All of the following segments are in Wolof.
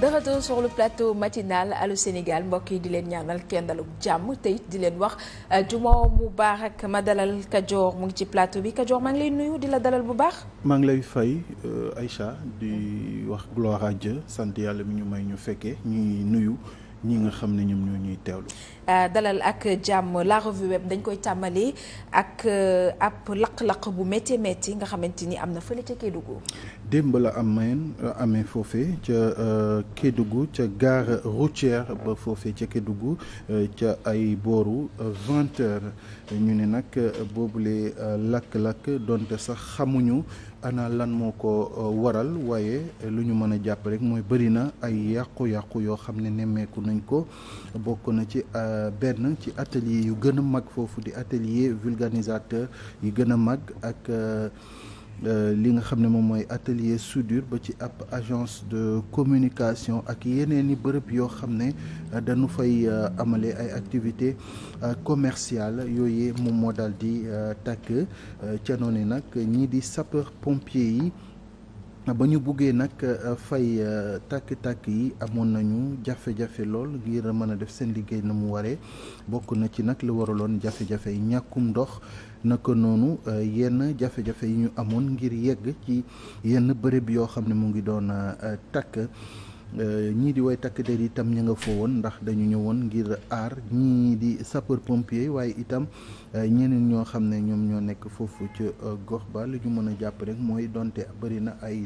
de retour sur le plateau matinal Allô Sénégal mbokk yi di leen ñaanal kendaluk jàmm tey di leen wax euh, mu baax mubaarak ma dalal Kajoor mu ngi ci plateau bi Kajoor maa ngi lay nuyu di la dalal bu baax. maa ngi lay fay euh, Aïcha di wax gloire à Dieu sant yàlla mi ñu may ñu fekkee ñuy nuyu. ñi nga xam ne ñoom ñoo ñuy teewlu. Euh, dalal ak jàmm la revue web dañ koy tàmbali ak euh, ab laq-laq bu métti métti nga xamante ni am na fële ca Kédougou. démb la am amee foofee ca euh, Kédougou ca gare routière ba foofee ca Kédougou ca ay booru vingt ñu ne nag boobule lakk-lakk donte sax xamuñu. ana lan moo ko euh, waral waaye euh, lu ñu mën a jàpp rek mooy bëri na ay yàqu-yàqu yoo xam ne nemmeeku nañ ko bokk na ci euh, benn ci atelier yu gën a mag foofu di atelier vulgarisateur yu gën a mag ak Euh, li nga xam ne moom mooy atelier soudure ba ci ab agence de communication ak yeneen i bërëb yoo xam ne euh, dañu fay euh, amale ay activités commerciales yooyu moom moo daal di takk ca noonu nag ñii di sapeur pompier yi. ba ñu buggee nag fay takk tàkk yi amoon nañu jafe-jafe lool ngir mën a def seen liggéey na mu waree bokk na ci nag la waraloon jafe-jafe yi ñàkkum ndox naka noonu euh, yenn jafe-jafe yi ñu amoon ngir yegg ci yenn bërëb yoo xam ne mu ngi doon euh, takk euh, ñii di woy takk der itam ña nga foo ndax dañu ñëwoon ngir aar di sapeur waaye itam ñeneen ñoo xam ne ñoom ñoo nekk foofu ca gox ba li ñu mën a jàpp rek mooy donte bëri na ay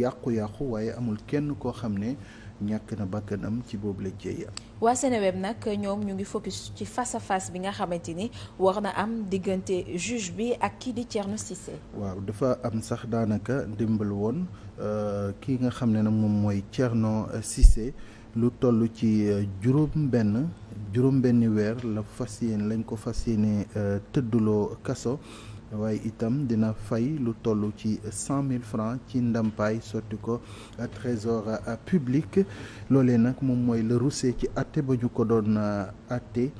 yàqu-yàqu waaye amul kenn koo xam ne. ñàkk na bakkanam ci boobu la jéeya. waa Seneweb nag ñoom ñu ngi focus ci face à bi nga xamante ni war na am diggante juge bi ak kii di Thierno Cissé. waaw dafa am sax daanaka ndimbal woon euh, ki nga xam ne nag moom mooy Thierno Cissé lu toll ci euh, juróom benn juróom benni weer la fas yéene lañ ko fas yéene euh, tëdduloo kaso. waaye itam dina fay lu toll ci cent mille francs ci ndampaay sotti ko trésor publique loole nag moom mooy la russe ci atte ba ñu ko doon euh, atte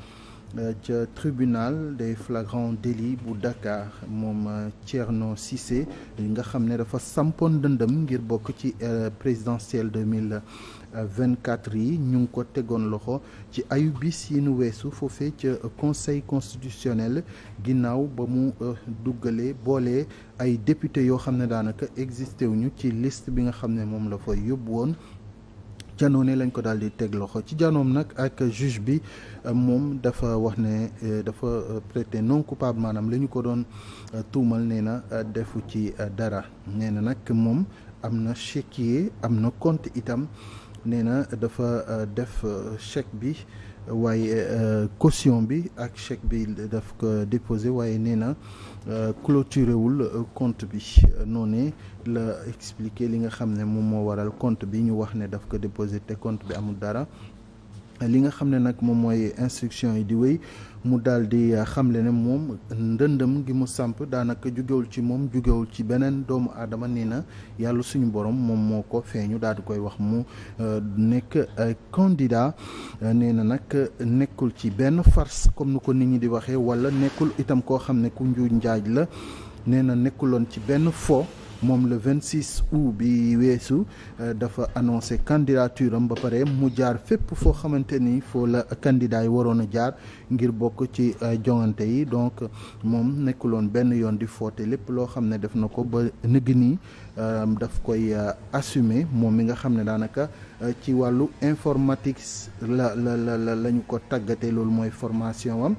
Euh, ca tribunal des flagrants délits bu Dakar moom euh, Thierno Cissé nga xam ne dafa sampoon dëndëm ngir bokk ci euh, présidentielle 2024 yi ñu ngi ko tegoon loxo ci ayu bis yi nu weesu foofee ca conseil constitutionnel ginnaaw ba mu dugalee boolee ay député yoo xam ne daanaka existé wuñu ci liste bi nga xam ne moom la fa yóbbu woon janoo ne lañ ko daal di teg loxo ci janoom nag ak juge bi moom dafa wax ne eh, dafa eh, prêté non coupable maanaam la ñu ko doon eh, tuumal nee na defu ci dara nee na nag moom am na chéquier am na compte itam nee na dafa def chèque bi waaye caution bi ak chèque bi daf ko déposé waaye nee na Euh, clôturé wul euh, compte bi euh, noonu la expliqué li nga xam ne moom moo waral compte bi ñu wax ne daf ko déposé te compte bi amul dara li nga xam ne nag moom mooy instruction yi di wéy mu daal di euh, xamle ne moom ndëndëm ngi mu samp daanaka jugewul ci moom jugewul ci beneen doomu aadama nii na yàlla suñu borom moom moo ko feeñu daal di koy wax mu euh, nekk euh, candidat nee na nag nekkul ci benn farce comme ni ko nit ñi di waxee wala nekkul itam koo xam ne ku njuuj njaaj la nee na nekkuloon ci benn fo moom la le 26 août bi weesu euh, dafa annoncé candidature am ba pare mu jaar fépp foo xamante ni foo la candidat yi waroon a jaar ngir bokk ci euh, joŋante yi donc moom nekkuloon benn yoon di foote lépp loo xam ne def na ko ba nëgg nii euh, daf koy assumer moom mi nga xam ne daanaka ci wàllu informatique la la la la ñu ko tàggatee loolu mooy formation am.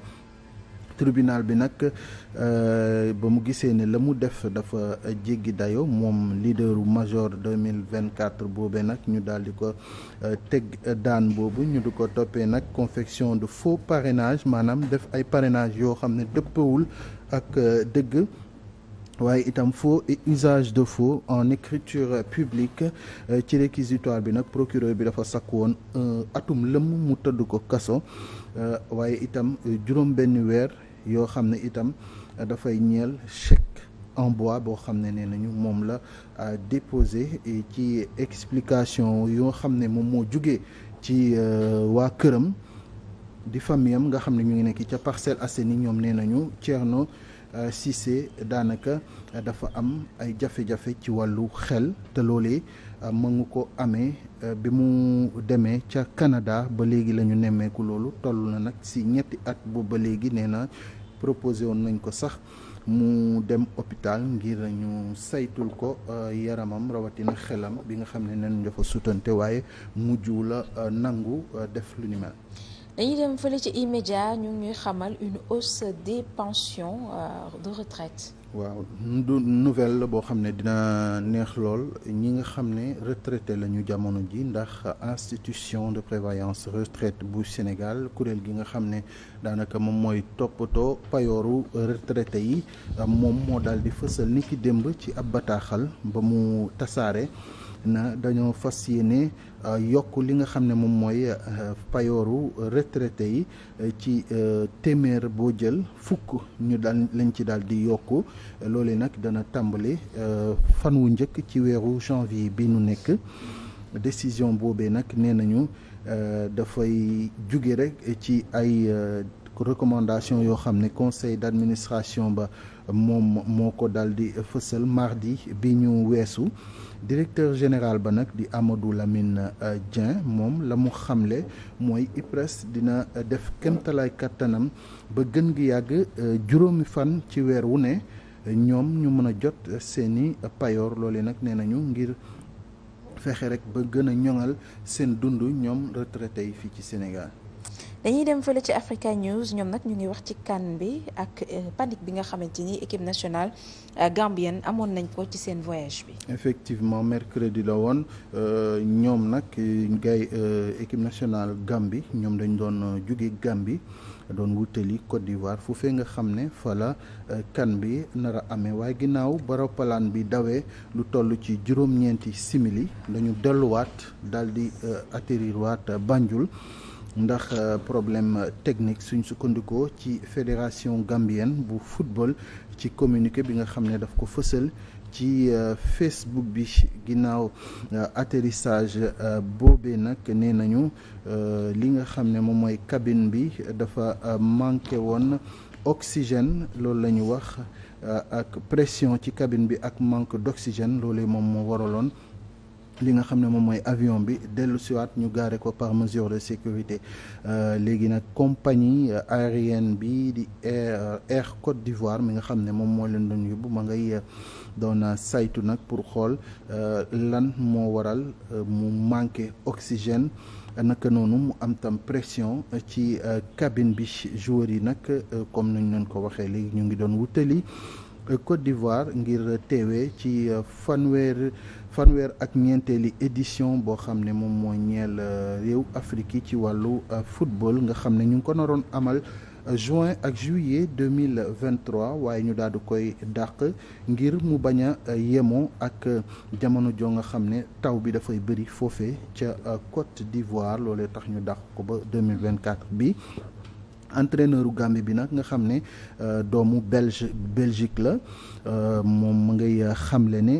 tribunal bi nag euh, ba mu gisee ne la mu def dafa jéggi dayo moom leaderu major 2024 boobee nag ñu daal di ko euh, teg daan boobu ñu di ko toppee nag confection de faux parrainage maanaam def ay parrainage yoo xam ne dëppawul ak euh, dëgg waaye itam faux et usage de faux en écriture publique ci réquisitoire bi nag procureur bi dafa sakk woon atum lëm mu tëdd ko kaso waaye itam juróom benn weer yoo xam ne itam euh, dafay ñeel cheque en bois boo xam ne nee nañu moom la euh, déposé ci explication yoo xam ne moom moo jugee ci euh, waa këram di famille nga xam ne ñu ngi nekk ca parcelle Parcelles Assainies ñoom nee nañu Thierno Cissé daanaka dafa am ay jafe-jafe ci wàllu xel te loolee ma ngi ko amee bi mu demee ca Canada ba léegi la ñu nemmeeku loolu toll na nag si ñetti at boobu ba léegi nee na proposé woon nañ ko sax mu dem hôpital ngir ñu saytul ko euh, yaramam rawatina xelam bi nga xam ne nen dafa suutante waaye mujju la euh, nangu euh, def lu ni mel. dañuy dem fële ci immédiat ñu ngi ñuy xamal une hausse des pensions de retraite. waaw du nouvelle la boo xam ne dina neex lool ñi nga xam ne retraité la ñu jamono ji ndax institution de prévoyance retraite bu Sénégal kuréel gi nga xam ne daanaka moom mooy toppatoo payooru retraité yi moom moo daal di fësal ni ki démb ci ab bataaxal ba mu tasaare na dañoo fas yéene euh, yokk li nga xam ne moom mooy euh, payooru retraité yi euh, ci téeméer boo jël fukk ñu daan lañ ci daal di yokk loole nag dana tàmbali fan wu njëkk ci weeru janvier bi nu nekk décision boobe nag nee nañu dafay jóge rek ci ay recommandation yoo xam ne conseil d'administration ba moom moo ko dal di fësal mardi bi ñu weesu directeur général ba nag di Amadou Lamine euh, Dieng moom la mu xamle mooy IPRES dina euh, def kéemtalaay kattanam ba gën gi yàgg euh, juróomi fan ci weer wu ne ñoom ñu mën a jot seeni payoor loole nag nee nañu ngir fexe rek ba gën a ñoŋal seen dund ñoom retraité fii ci Sénégal. dañuy dem fële ci Africa News ñoom nag ñu ngi wax ci CAN bi ak euh, panique bi nga xamante ni équipe nationale euh, gambienne amoon nañ ko ci seen voyage bi. effectivement mercredi la woon euh, ñoom nag gay équipe nationale Gambie ñoom dañ doon jóge Gambie doon wutali Côte d'Ivoire fu nga xam ne fala la bi nar amee waaye ginnaaw ba roppalaan bi dawee lu toll ci juróom-ñeenti simili dañu delluwaat daal di atterrir waat Banjul. ndax euh, problème technique suñ sukkandiku ci fédération gambienne bu football ci communiqué bi nga xam ne daf ko fësal ci euh, Facebook bi ginnaaw euh, atterrissage boobee nag nee nañu li nga xam ne moom mooy cabine bi dafa manqué woon oxygène loolu la ñu wax ak pression ci cabine bi ak manque d'oxygène loolee moom moo waraloon. li nga xam ne moom mooy avion bi dellu siwaat ñu gaare ko par mesure de sécurité euh, léegi nag compagnie euh, aérienne bi di air euh, air d'Ivoire mi nga xam ne moom moo leen doon yóbbu ma ngay doon saytu nag pour xool lan moo waral mu manqué oxygène naka noonu mu am tam pression ci cabine bi joueur yi nag comme nañ leen ko waxee léegi ñu ngi doon wutali Côte d'Ivoire ngir teewee ci fanweer fanweer ak ñeenteeli édition boo xam ne moom moo ñeel euh, réew Afrique yi ci wàllu euh, football nga xam ne ñu ngi ko naroon amal euh, juin ak juillet deux mille vingt waaye ñu daal di koy dàq ngir mu bañ a yemoo ak jamono joo nga xam ne taw bi dafay bëri foofe ca Côte d'Ivoire loolee tax ñu dàq ko ba deux mille vingt quatre bi. entraîneur u bi nag nga xam ne euh, doomu Belge Belgique la euh, moom mu ngay euh, xamle ne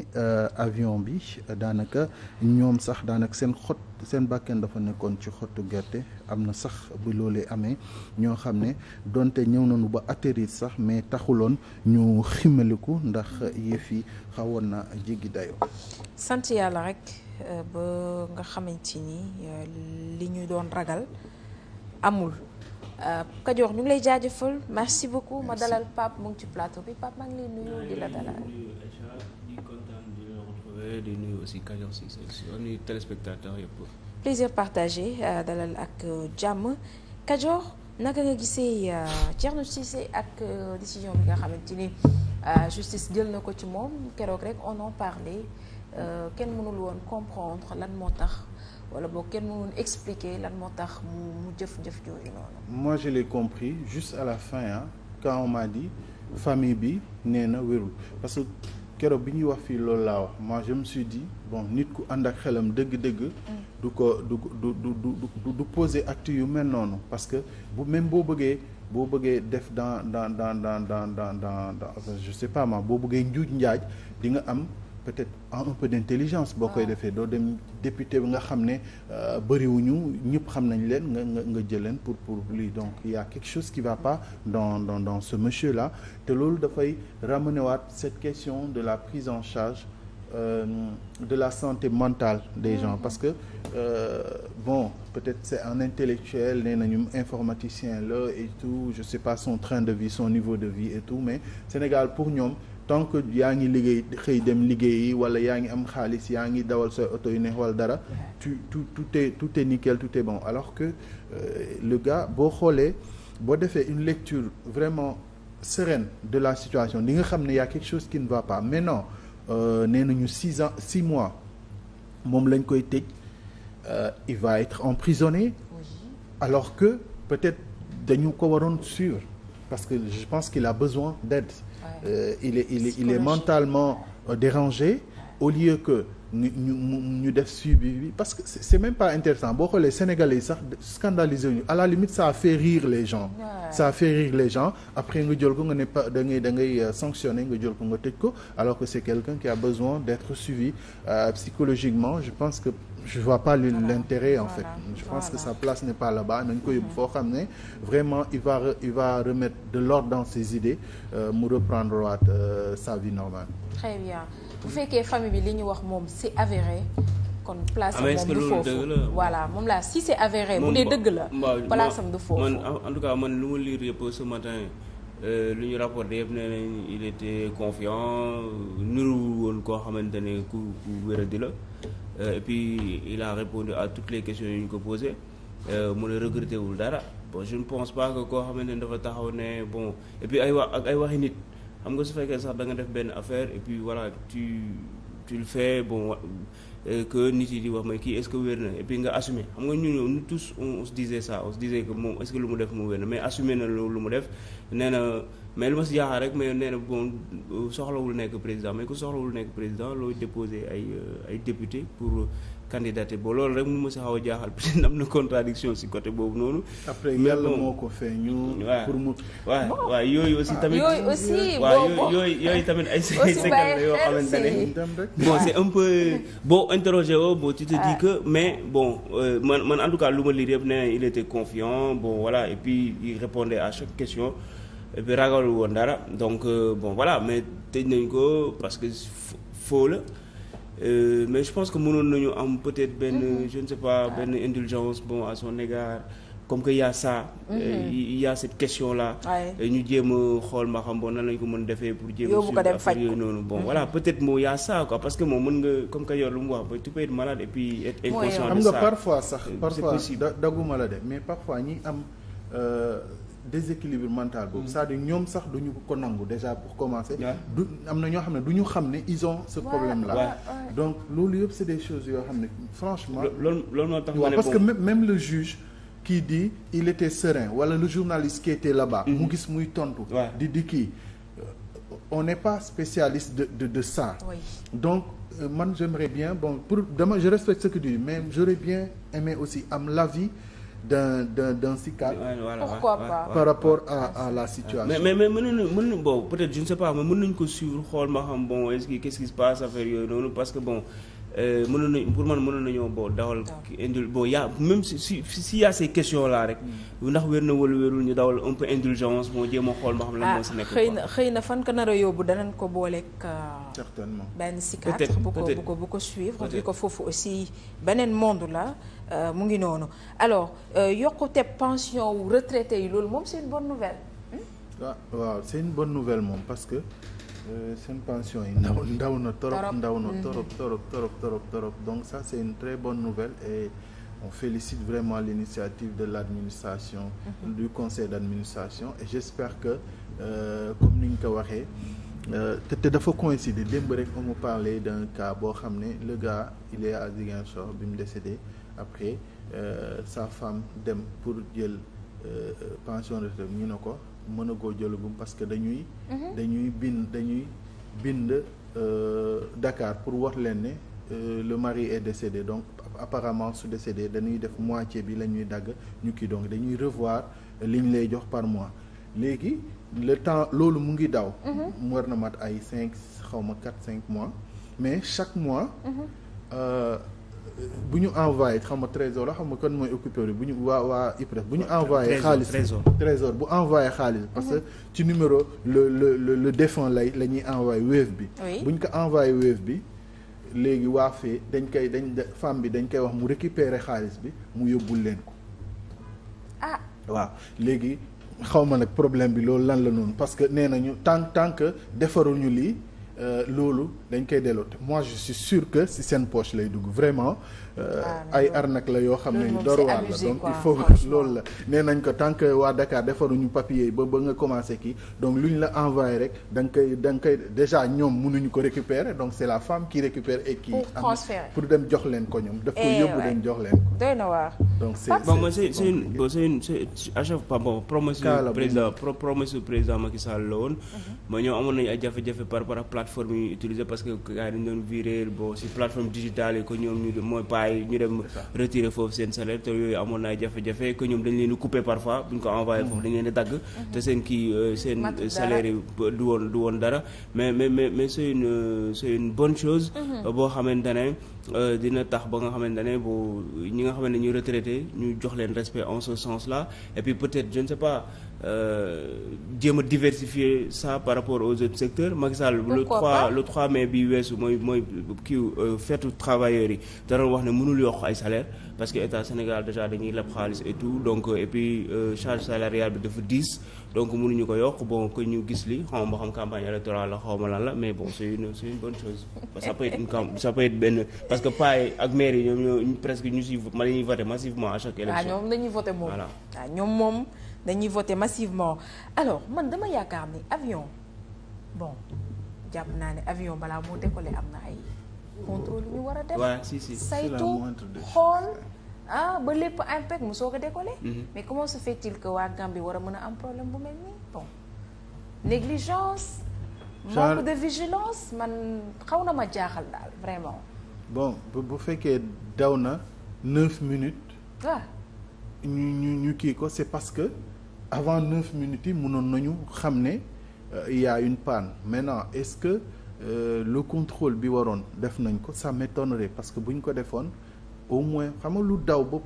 avion bi daanaka ñoom sax daanaka seen xot seen bàkken dafa nekkoon ci xottu gerte am na sax bu loolee amee ñoo xam ne donte ñëw nañu ba atterrir sax mais taxuloon ñu ximaliku ndax yëf yi xawoon na jéggi dayoo. sant yàlla rek ba nga xamante ni li ñu doon ragal amul. Euh, Kajoor ñu ngi lay jaajëfal merci beaucoup ma dalal Pape mu ngi ci plateau bi Pape maa ngi lay nuyu di la dalal. di kontaan di la retrouver di nuyu aussi Kajoor si seen euh, ak euh, jàmm Kajoor naka nga gisee Thierno Cissé ak décision bi nga xamante ni justice jël na ko ci moom keroog rek on en parlait kenn mënul woon comprendre lan moo tax. wala boo kenn mënoon expliquer lan moo tax mu jëf-jëf jooju noonu. moi je l'ai compris juste à la fin ah quand famille bi nee na wérul parce que keroog bi ñuy wax fii loolu laa wax moi je me suis dit bon nit ku ànd ak xelam dëgg-dëgg. Mm. du ko du du du du du yu mel noonu parce que bu même boo bëggee. boo bëggee def dans dan dans dans dans dans dans je sais pas moi boo bëggee njuuj njaaj di nga am peut-être am un peu d'intelligence boo koy ah. defee doo dem député bi nga xam ne euh, bëriwuñu ñëpp xam nañ leen nga nga nga jël leen pour pour lui donc il y a quelque chose qui va pas dans dans ce monsieur là te loolu dafay ramener waat cette question de la prise en charge Euh, de la santé mentale des gens mm-hmm. parce que euh, bon peut-être c'est un intellectuel nee nañu informaticien là et tout je sais pas son train de vie son niveau de vie et tout mais Sénégal pour ñoom tant que yaa ngi liggéey xëy dem liggéey wala yaa ngi am xaalis yaa ngi dawal sa oto yu neex wala dara tu tout tout est tout est nickel tout est bon alors que euh, le gars boo xoolee boo defee une lecture vraiment sereine de la situation di nga xam ne yaa a quelque chose qui ne va pas mais non euh, nee nañu six ans six mois moom lañ koy tëj euh, il va être emprisonné alors que peut-être dañu ko waroon suivre parce que je pense qu'il a besoin d'aide. Ouais. Euh, il est, il est, il est mentalement euh, dérangé au lieu que ñu ñu def suivi bi parce que c' même pas intéressant bo xoolee sénégalais yi sax scandalisé ñu à la limite ça fait rire les gens. ça fait rire les gens après nga jël ko nga ne da ngay da ngay euh, sanctionné nga jël ko nga tëj ko alors que c' est quelqu'un qui a besoin d' être suivi euh, psychologiquement je pense que je vois pas l'intérêt en fait je pense que sa place n'est pas là-bas nañ ko yóbbu mm-hmm. foo xam ne vraiment il va remettre de l'ordre dans ses idées euh, mu reprendre waat euh, sa bu fekkee famille bi li ñu wax moom c'est avéré kon place am ah, moom du foofu voilà moom laa si c'est avéré bu dee dëgg la place am du foofu man en tout cas man lu ma lire yëpp ce matin euh, lu ñu rapporté yëpp nee nañ il était confiant niruwul woon koo xamante ne ku ku wéradi la euh, et puis il a répondu à toutes les questions yu ñu ko posé euh, mu ne regretté wul dara bon je ne pense pas que koo xamante ne dafa taxaw ne bon et puis ay wax ak ay waxi nit xam nga su fekkee sax da nga def benn affaire et puis voilà tu tu le fais bon euh, que nit yi di wax mais kii est-ce que wér na et puis nga assumer xam nga ñun ñu tous on se disait ça on se disait que moom est que lu mu def mu wér na mais assumé na loolu lu mu def nee na mais lu ma si jaaxal rek mais nee na bon soxlawul nekk président mais ku soxlawul nekk président looy déposer ay euh, ay député pour. candidaté boo loolu rek mu ma si xaw a jaaxal peut être am na contradiction si côté boobu noonu. après yàlla moo ko feeñu. waaw pour mu waaw waaw yooyu aussi ah, tamit. yooyu aussi waaw yooyu yooyu tamit ay. aussi bàyyi si yoo xamante ne bon c' est peu boo interrogé woo bon tu te dis que mais bon euh, man man en tout cas lu ma lire yëpp nee il était confiant bon voilà et puis il répondait à chaque question. et puis ragalul woon dara donc euh, bon voilà mais tëj nañ ko parce que faux la. Euh, mais je pense que mënoon nañu am peut-être benn mm -hmm. je ne sais pas benn indulgence bon à son égard comme que y a ça. Mm -hmm. euh, y a cette question là. ñu jéem a xool ma xam bon na lañ ko mën defee pour jéem a. ko dem faj yooyu noonu bon mm -hmm. voilà peut-être moo parce que moom mën nga comme que yor lu mu wax ba tu peux être malade et puis être inconscient de ça. parfois sax euh, dagguma la de mais parfois ñi am. Euh, déséquilibre mental boobu mm. c'est-à-dire ñoom sax duñu ko nangu déjà pour commencer am na ñoo xam ne du ñu xam ne ils ont ce problème là donc loolu yëpp c'est des choses yoo xam ne franchement loolu loolu moo tax parce que même le juge qui dit il était serein wala le journaliste qui était là-bas mm-hmm. mu gis muy tontu di di kii euh, on n'est pas spécialiste de de de ça donc euh, man j'aimerais bien bon pour demain je respecte ce que tu mais j'aurais bien aimé aussi am l'avis d'un d'un d'un SICAP voilà, pourquoi ouais, pas ouais, par rapport à à la situation. mais mais mais mën nañu mën nañu bon peut-être je ne sais pas mais mën nañu ko suivre xool ma xam bon est-ce que qu'est-ce qui se passe affaire yooyu noonu parce que bon. Euh, mënoon nañ pour man mënoon nañoo boo dawal indul bon y' a même si si si y' a ces questions là rek. Mm. ndax wér na wala wérul ñu dawal un peu indulgence moo jéem a xool ma xam lan ah, moo si nekk. xëy na xëy na fan ko nar a yóbbu danañ ko booleeg. Euh, certainement benn psychiatre bu ko bu ko bu ko suivre. di ko foofu aussi beneen monde la. Euh, mu ngi noonu alors euh, yokkute pension wu retraité yi loolu moom c'est une bonne nouvelle. waaw hmm? ah, waaw c'est une bonne nouvelle moom parce que euh, seen yi ndaw na torop ndaw na hmm. torop torop torop torop torop donc ça c'est une très bonne nouvelle et on félicite vraiment l'initiative de l'administration hmm. du conseil d'administration et j'espère que euh, comme ni ñu ko waxee te te dafa coïncider démb rek on me parlait d'un cas boo xam ne le gars il est à Ziguinchor bi mu décédé après euh, sa femme dem pour jël euh, pension de ñu ne ko mën a goo jëlagum parce que dañuy mhm. dañuy bind dañuy euh, bind Dakar pour wax leen ne le mari est décédé donc apparemment su décédé dañuy def moitié bi la ñuy dagg ñu kii donc dañuy revoir liñ lay jox par mois léegi le temps loolu mu ngi daw mhm. mu war na mat ay cinq xaw ma quatre cinq mois mais chaque mois mhm. bu ñu envoyé xam nga trésor la xam nga kon mooy occupeur yi bu ñu waa waa IPRES bu ñu envoyé xaalis trésor bu envoyé xaalis parce que mhm. ci numéro le le le lay la ñuy envoyé Wave bi bu ñu ko envoyé Wave bi léegi waa fee dañ koy dañ femme bi dañ koy wax mu récupérer xaalis bi mu yóbbul leen ko ah waaw léegi xaw ma nag problème bi loolu lan la noonu parce que nee nañu tant tant que defaruñu lii Euh, loolu dañ koy delloo te moi je suis sûr que si seen poche lay dugg vraiment Euh, ah, ay arnaque la yoo xam ne door waar la donc il faut loolu la nee nañ ko tant que waa Dakar defaruñu papier yi ba ba nga commencé kii donc luñ la envoyé rek da nga da nga koy déjà ñoom mënuñu ko récupérer donc c'est la femme qui récupère et qui pour dem jox leen ko ñoom daf ko eh yóbbu dem jox leen ma mhm. ñoo amoon nañu ay jafe-jafe par rapport ak plateforme yi ñu utiliser parce que gars dañ doon virer bon si plateforme digitale yi ko ñoom ñu mooy bàyyi ñu dem retirer foofu seen salaire te yooyu amoon naa jafe-jafe que ñoom dañ leen di couper parfois buñ ko envoyé foofu dañ leen di dagg te seen kii euh, seen salaire du woon du woon dara mais mais mais mais c'est une c'est une bonne chose mm-hmm. boo xamante ne euh, dina tax ba nga xamante ne bu ñi nga xamante ne ñu retraité ñu jox leen respect en ce sens là et puis peut-être je ne pas Euh, jéem a diversifier ça par rapport au secteur secteurs Macky Sall le 3 le bi weesu mooy mooy kii euh, feetu travailleurs yi da doon wax ne mënul yokk ay salaire parce que état Sénégal déjà dañuy leb xaalis et tout donc euh, et puis charge salariale bi dafa diis donc mënuñu ko yokk bon que ñu gis li xaw ma xam campagne électorale la xaw ma la mais bon c'est une c'est une bonne chose ça peut être une camp benn parce que paa ak maire yi ñoom presque ñu si ma dañuy voter massivement à chaque dañuy voter massivement alors man dama yaakaar ni avion bon jàpp naa ne avion balaa moo décoller am na ay contrôle yu ñu war a def saytu xool ah ba lépp impec mu soo ko décoller mm-hmm. mais comment se fait-il que waa Gambie war a mën a am problème bu mel nii bon négligence manque de vigilance man xaw na ma jaaxal daal vraiment bon bu fekkee daw na neuf minutes waaw ah. ñu ñu ñu kii ko c'est parce que avant neuf minutes yi munoon nañu xam ne il euh, y a une panne maintenant est-ce que euh, le contrôle bi waroon def nañ ko ça m'étonnerait parce que bu ñu ko defoon au moins xam nga lu daw ba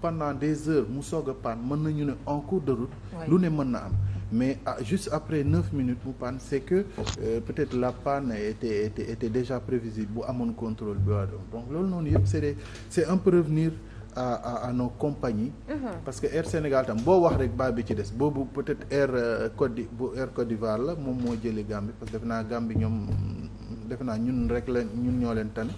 pendant des heures mu soog a panne mën nañu ne en cours de route lu ne mën na am mais ah, juste après neuf minutes mu panne c'est que euh, peut-être la panne était était était déjà prévisible bu amoon contrôle bi waroon donc loolu noonu yëpp c'est un prévenir à à, à nos uh-huh. parce que Air Sénégal tam boo wax rek baa bi ci des boobu peut-être Air euh, Côte di bu Air Côte d'Ivoire la moom moo jëli Gambie parce que defe naa bi ñoom defe naa ñun rek la ñun ñoo leen tan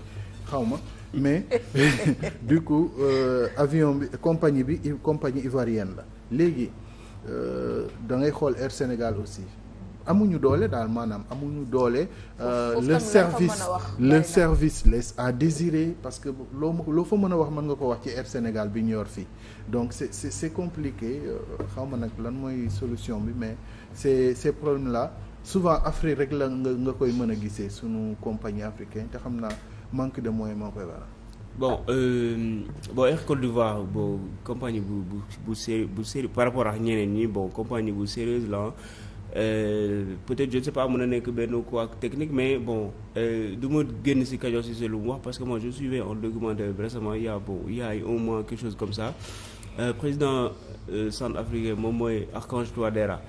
xaw ma mais du coup euh, avion bi compagnie bi compagnie ivoirienne la léegi euh, da ngay xool Air Sénégal aussi. amuñu doole daal maanaam amuñu doole. Euh, le service le service laisse à désirer parce que loo loo fa mën a wax man nga ko wax ci Air Sénégal bi ñu yor fii donc c'est c'est compliqué euh, xaw ma nag lan mooy solution bi mais c'est ces problèmes la souvent Afrique rek la nga nga koy mën a gisee sunu compagnie africaine te xam naa manque de moyens moo koy waral. bon euh, bon Air compagnie bu bu bu série bu série par rapport ak ñeneen ñi bon compagnie bu sérieuse la Euh, peut-être je ne sais pas mën na nekk benn quoi technique mais bon euh, du ma génn si Kajoor Cissé lu mu wax parce que moi je suivais un documentaire récemment il y a bon il y a un chose comme ça euh, président euh, centrafricain moom mooy Archange Touadéra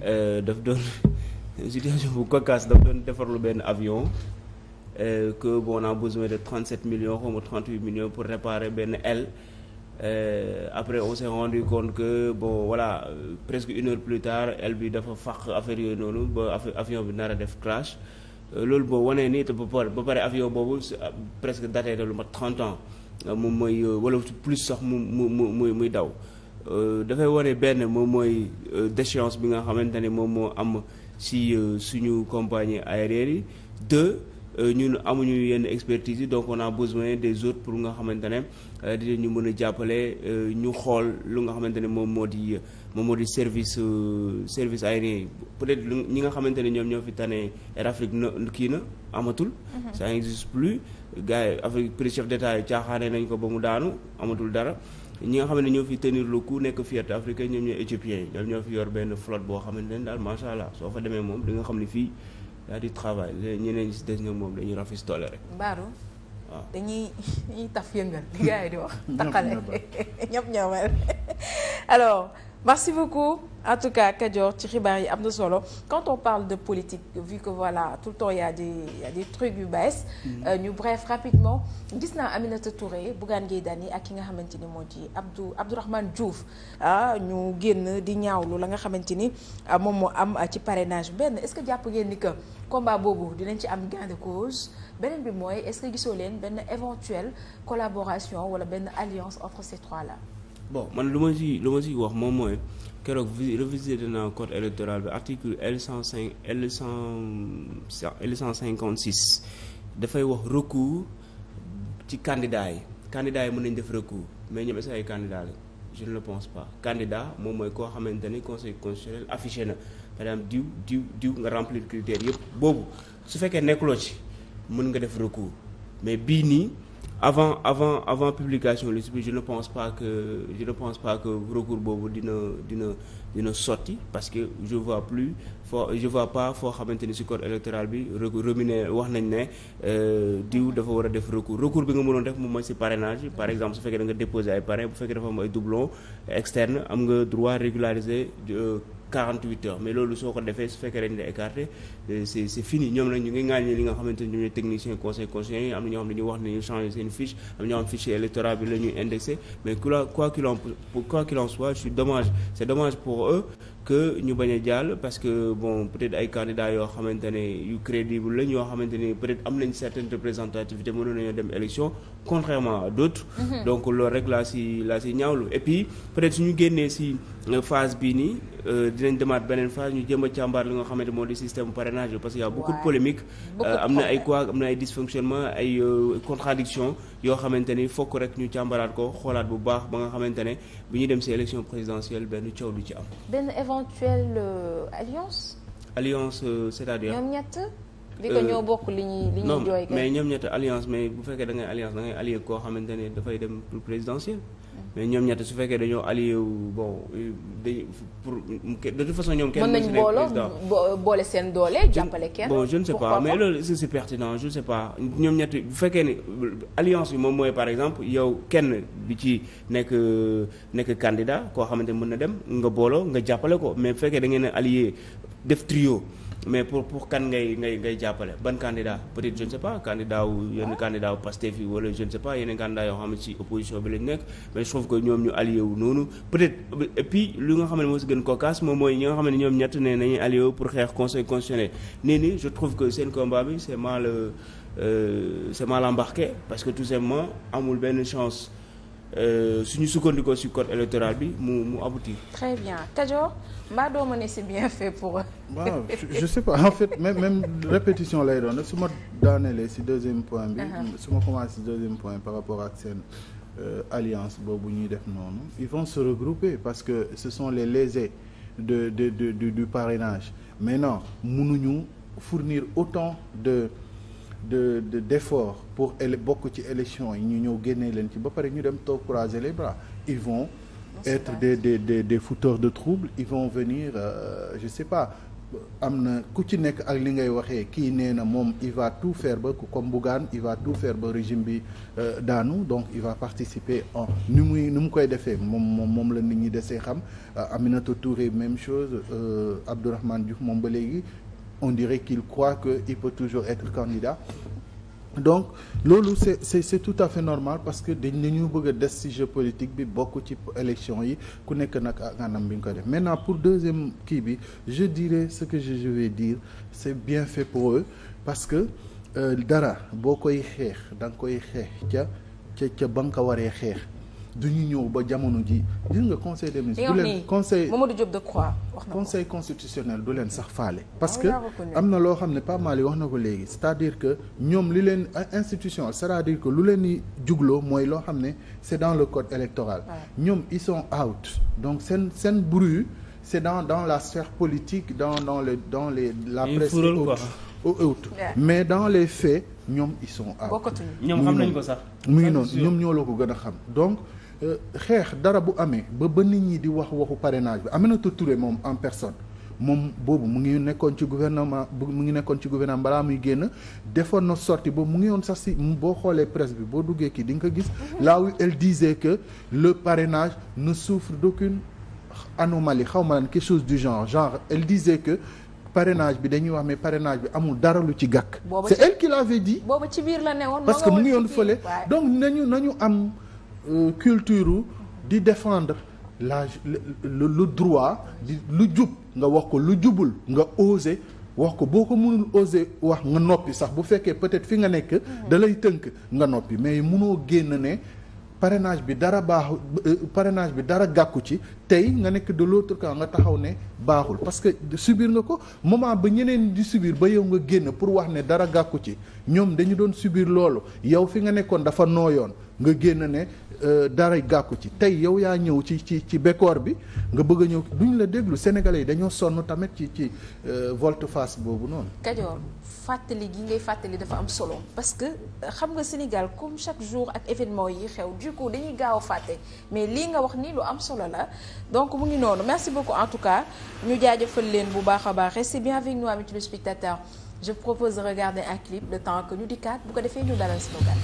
daf doon situation bu cocasse daf doon defarlu benn avion que bon on a besoin de 37 millions xaw ma 38 millions pour réparer benn aile Euh, après on s'est rendu compte que bon voilà presque une heure plus tard el bi dafa fax affaire yooyu noonu ba avion bi nar a def crash euh, loolu boo wanee nii te ba pare ba pare avion boobu euh, presque daté de lu mat 30 ans euh, moom mooy wala plus sax mu mu mu muy daw dafay wane benn moom mooy déchéance bi nga xamante ne moom moo am si suñu compagnie aérienne yi Euh, ñun amuñu yenn expertise yi donc on a besoin des autres pour nga xamante ne euh, dinañu mën a jàppale euh, ñu xool lu nga xamante ne moom moo di moom moo di service service aérien yi peut-être ñi nga xamante ne ñoom ñoo fi tane Air Afrique na kii na amatul. Mhm. ça n'existe plus gars yi Afrique prix chef d'État yi caaxaane nañ ko ba mu daanu amatul dara. ñi nga xam ne ñoo fi tenir lu coup nekk fierté africaine ñoom ñoo éthiopiens yi ñoom ñoo fi yor benn flotte boo xamante ne daal macha allah soo fa demee moom di nga xam ne fii. y a du travail ñeneen ñi si des ñoom moom dañuy rafistole rek. Badou. waaw dañuy dañuy taf yëngal li gars yi di wax. taqale ñëpp ñëpp alors. merci beaucoup en tout cas Kajoor ci xibaar yi am na solo quand on parle de politique vu que voilà tout le temps il y a des il y a des trucs yu bees. Mm-hmm. Euh, ñu bref rapidement gis naa Aminata Touré Bougane Gueye Dany ak ki nga xamante ni moo ci Abdou Abdourahmane Diouf ah ñu génn di ñaawlu la nga xamante ni ah, moom moo am ah, ci parrainage benn est-ce que jàpp ngeen ni que combat boobu dinañ ci am gain cause beneen bi mooy est-ce que gisoo leen benn éventuelle collaboration wala benn alliance entre ces bon man lu ma si lu ma si wax moom mooy keroog révisé naa code électoral bi article L cent cinq L cent L cent cinquante six dafay wax recours ci candidats yi candidats yi mën nañ def recours mais ñoom est ay candidats la je le pense pas candidat moom mooy koo xamante ni conseil constitutionnel affiché na par exemple diw diw diw nga remplir critères yëpp boobu su fekkee nekkuloo ci mën nga def recours mais bii nii. avant avant avant publication liste bi je ne pense pas que je ne pense pas que recours boobu dina dina dina sotti parce que je vois plus foo je vois pas foo xamante ni si code électoral bi remine wax nañ ne euh, diw dafa war a def recours recours bi nga mënoon def moom mooy ci parrainage par exemple su fekkee da nga déposer ay parrain bu fekkee dafa am ay doublon externe am nga droit régulariser euh, 48 heures mais loolu soo ko defee su fekkee dañ la écarté euh, c'est c'est fini ñoom nag ñu ngi ŋaaññe li nga xamante ne ñoom ñooy conseil am na ñoo xam ne ñu wax nañu changé seen fiche am ñoo xam fichier électoral bi la ñuy mais quoi quoi qu'il en soit je suis c'est dommage pour eux que ñu bañ a jàll parce que bon peut-être ay candidats yoo xamante ne yu crédible lañ yoo xamante ne peut-être am nañ certaine représentativité mënoon nañoo dem élection contrairement à d'autres mm -hmm. donc loolu rek laa si laa si ñaawlu et puis peut-être suñu génnee si euh, phase bii nii euh, dinañ demaat beneen phase ñu jëm a càmbar li nga xamante moo di système parrainage parce que y a beaucoup de polémique euh, am na ay quoi am na ay dysfonctionnement ay contradiction yoo xamante ni fokk rek ñu càmbaraat ko xoolaat bu baax ba nga xamante ne bu ñuy dem si élection présidentielle benn coow du ci am éventuelle euh, alliance. alliance euh, c'est-à-dire ñoom ñett. bi euh, ko ñoo bokk li ñuy li ñuy mais ñoom ñett alliance mais bu fekkee da ngay alliance da ngay koo xamante ne dafay dem pour présidentielle mm. mais ñoom ñett su fekkee dañoo allié boo bon pour de toute façon ñoom kenn mën nañ booloo boole seen doole jàppale kenn bon je ne sais pas mais loolu est-ce que c'est pertinent je ne pas ñoom ñetti bu fekkee ne alliance bi moom mooy par exemple yow kenn bi ci nekk nekk candidat koo xamante mën na dem nga booloo nga jàppale ko mais bu fekkee da ne allié def trio mais pour pour kan ngay ngay ngay jàppale ban candidat peut-être je ne sais pas candidat wu yenn ah. candidat wu Pastef yi wala je ne sais pas yeneen candidat yoo xam ne ci opposition bi lañ nekk mais je trouve que ñoom ñu allié wu noonu peut-être et puis li nga xam ne moo si gën cocasse moom mooy ñi nga xam ne ñoom ñett ne nañuy allié wu pour xeex conseil constitutionnel nee ni je trouve que seen combat bi c'est mal euh, c'est parce que tout simplement amul benn chance Euh, suñu sukkandikoo si code électoral bi mu mu aboutir. très bien Kajoor mbaa doo ma ne c'est bien fait pour. waaw je sais pas en fait même même répétition lay doon rek su ma daanelee ci deuxième point bi. Uh-huh. su ma commencé deuxième point par rapport ak seen euh, alliance boobu ñuy def noonu. ils vont se regrouper parce que ce sont les lésés de de de du parrainage mais non mënuñu fournir autant de. de de d'effort pour éle bokk ci élection yi ñu ñëw génnee leen ci ba pare ñu dem toog croiser les bras ils vont être des des des des de troubles ils vont venir euh, je sais pas am na ku ci nekk ak li ngay waxee kii nee na moom il va tout faire ba comme Bougane il va tout faire ba régime bi euh, daanu donc il va participer en ni muy ni mu koy defee moom moom moom la nit ñi desee xam euh, Aminata Touré même chose euh, Abdourahmane Diouf moom ba léegi on dirait qu'il croit qu'il peut toujours être candidat donc loolu c'est c'est c'est tout à fait normal parce que dañ dañu bëgg des ci jeu politique bi bokk ci élection yi ku nekk nag ak anam bi nga ko def maintenant pour deuxième kii bi je dirais ce que je vais dire c'est bien fait pour eux parce que euh, dara boo koy xeex da nga koy xeex ca ca ca ba nga ko waree xeex du ñu ñëw ba jamono ji jël nga conseil des ministres du leen conseil Mamadou Diop Decroix wax du leen sax faale ah, parce que am na loo xam ne Pape Malick wax na ko léegi c'est-à-dire que ñoom li leen institution c'est-à-dire que lu leen di jugloo mooy loo xam ne c'est dans le code électoral ah. ñoom ils sont out donc seen seen bruit c'est dans dans la sphère politique dans dans le dans les la presse out mais dans les faits ñoom ils sont out ñoom xam nañ ko sax mu ngi noonu ñoom ñoo la ko gën a xam donc Euh, xeex dara bu amee ba ba nit ñi di wax waxu parrainage bi na Aminata Touré moom en personne moom boobu mu ngi nekkoon ci gouvernement mu ngi nekkoon ci gouvernement balaa muy génn defoon na sorti boobu mu ngi yoon sax boo xoolee presse bi boo duggee ki di nga ko gis mhm. là où elle disait que le parrainage ne souffre d'aucune anomalie xaw ma lan quelque chose du genre genre elle disait que parrainage bi dañuy wax mais parrainage bi amul dara lu ci gàkk c'est elle qui ci biir la newoon parce que mu ngi yoon fële donc nañu nañu Euh, culture di défendre la lu droit lu jub nga wax ko lu jubul nga oser wax ko boo ko mënul oser wax nga noppi sax bu fekkee peut-être fi nga nekk da lay tënk nga noppi mais mënoo génn ne parrainage bi dara baaxu euh, parenage bi dara gàkku ci tey nga nekk de l'autre camp nga taxaw ne baaxul parce que subir nga ko moment ba ñeneen di subir ba yow nga génn pour wax ne dara gàkku ci ñoom dañu doon subir loolu yow fi nga nekkoon dafa nooyoon nga génn ne euh, dara gàkku ci tey yow yaa ñëw ci ci ci bekkoor bi nga bëgg a ñëw duñu la déglu sénégalais yi dañoo sonn tamit ci ci euh, volte face boobu noonu. Kajoor fàttali gi ngay fàttali dafa am solo parce que xam nga Sénégal comme chaque jour ak événement yi xew du coup gaaw a fàtte mais lii nga wax nii lu am solo la. donc mu ngi noonu merci beaucoup en tout cas ñu jaajëfal leen bu baax a baax restez bien avec nous amis téléspectateurs je vous propose de regarder un clip le temps que ñu dikkaat bu ko defee ñu dalal sunu gan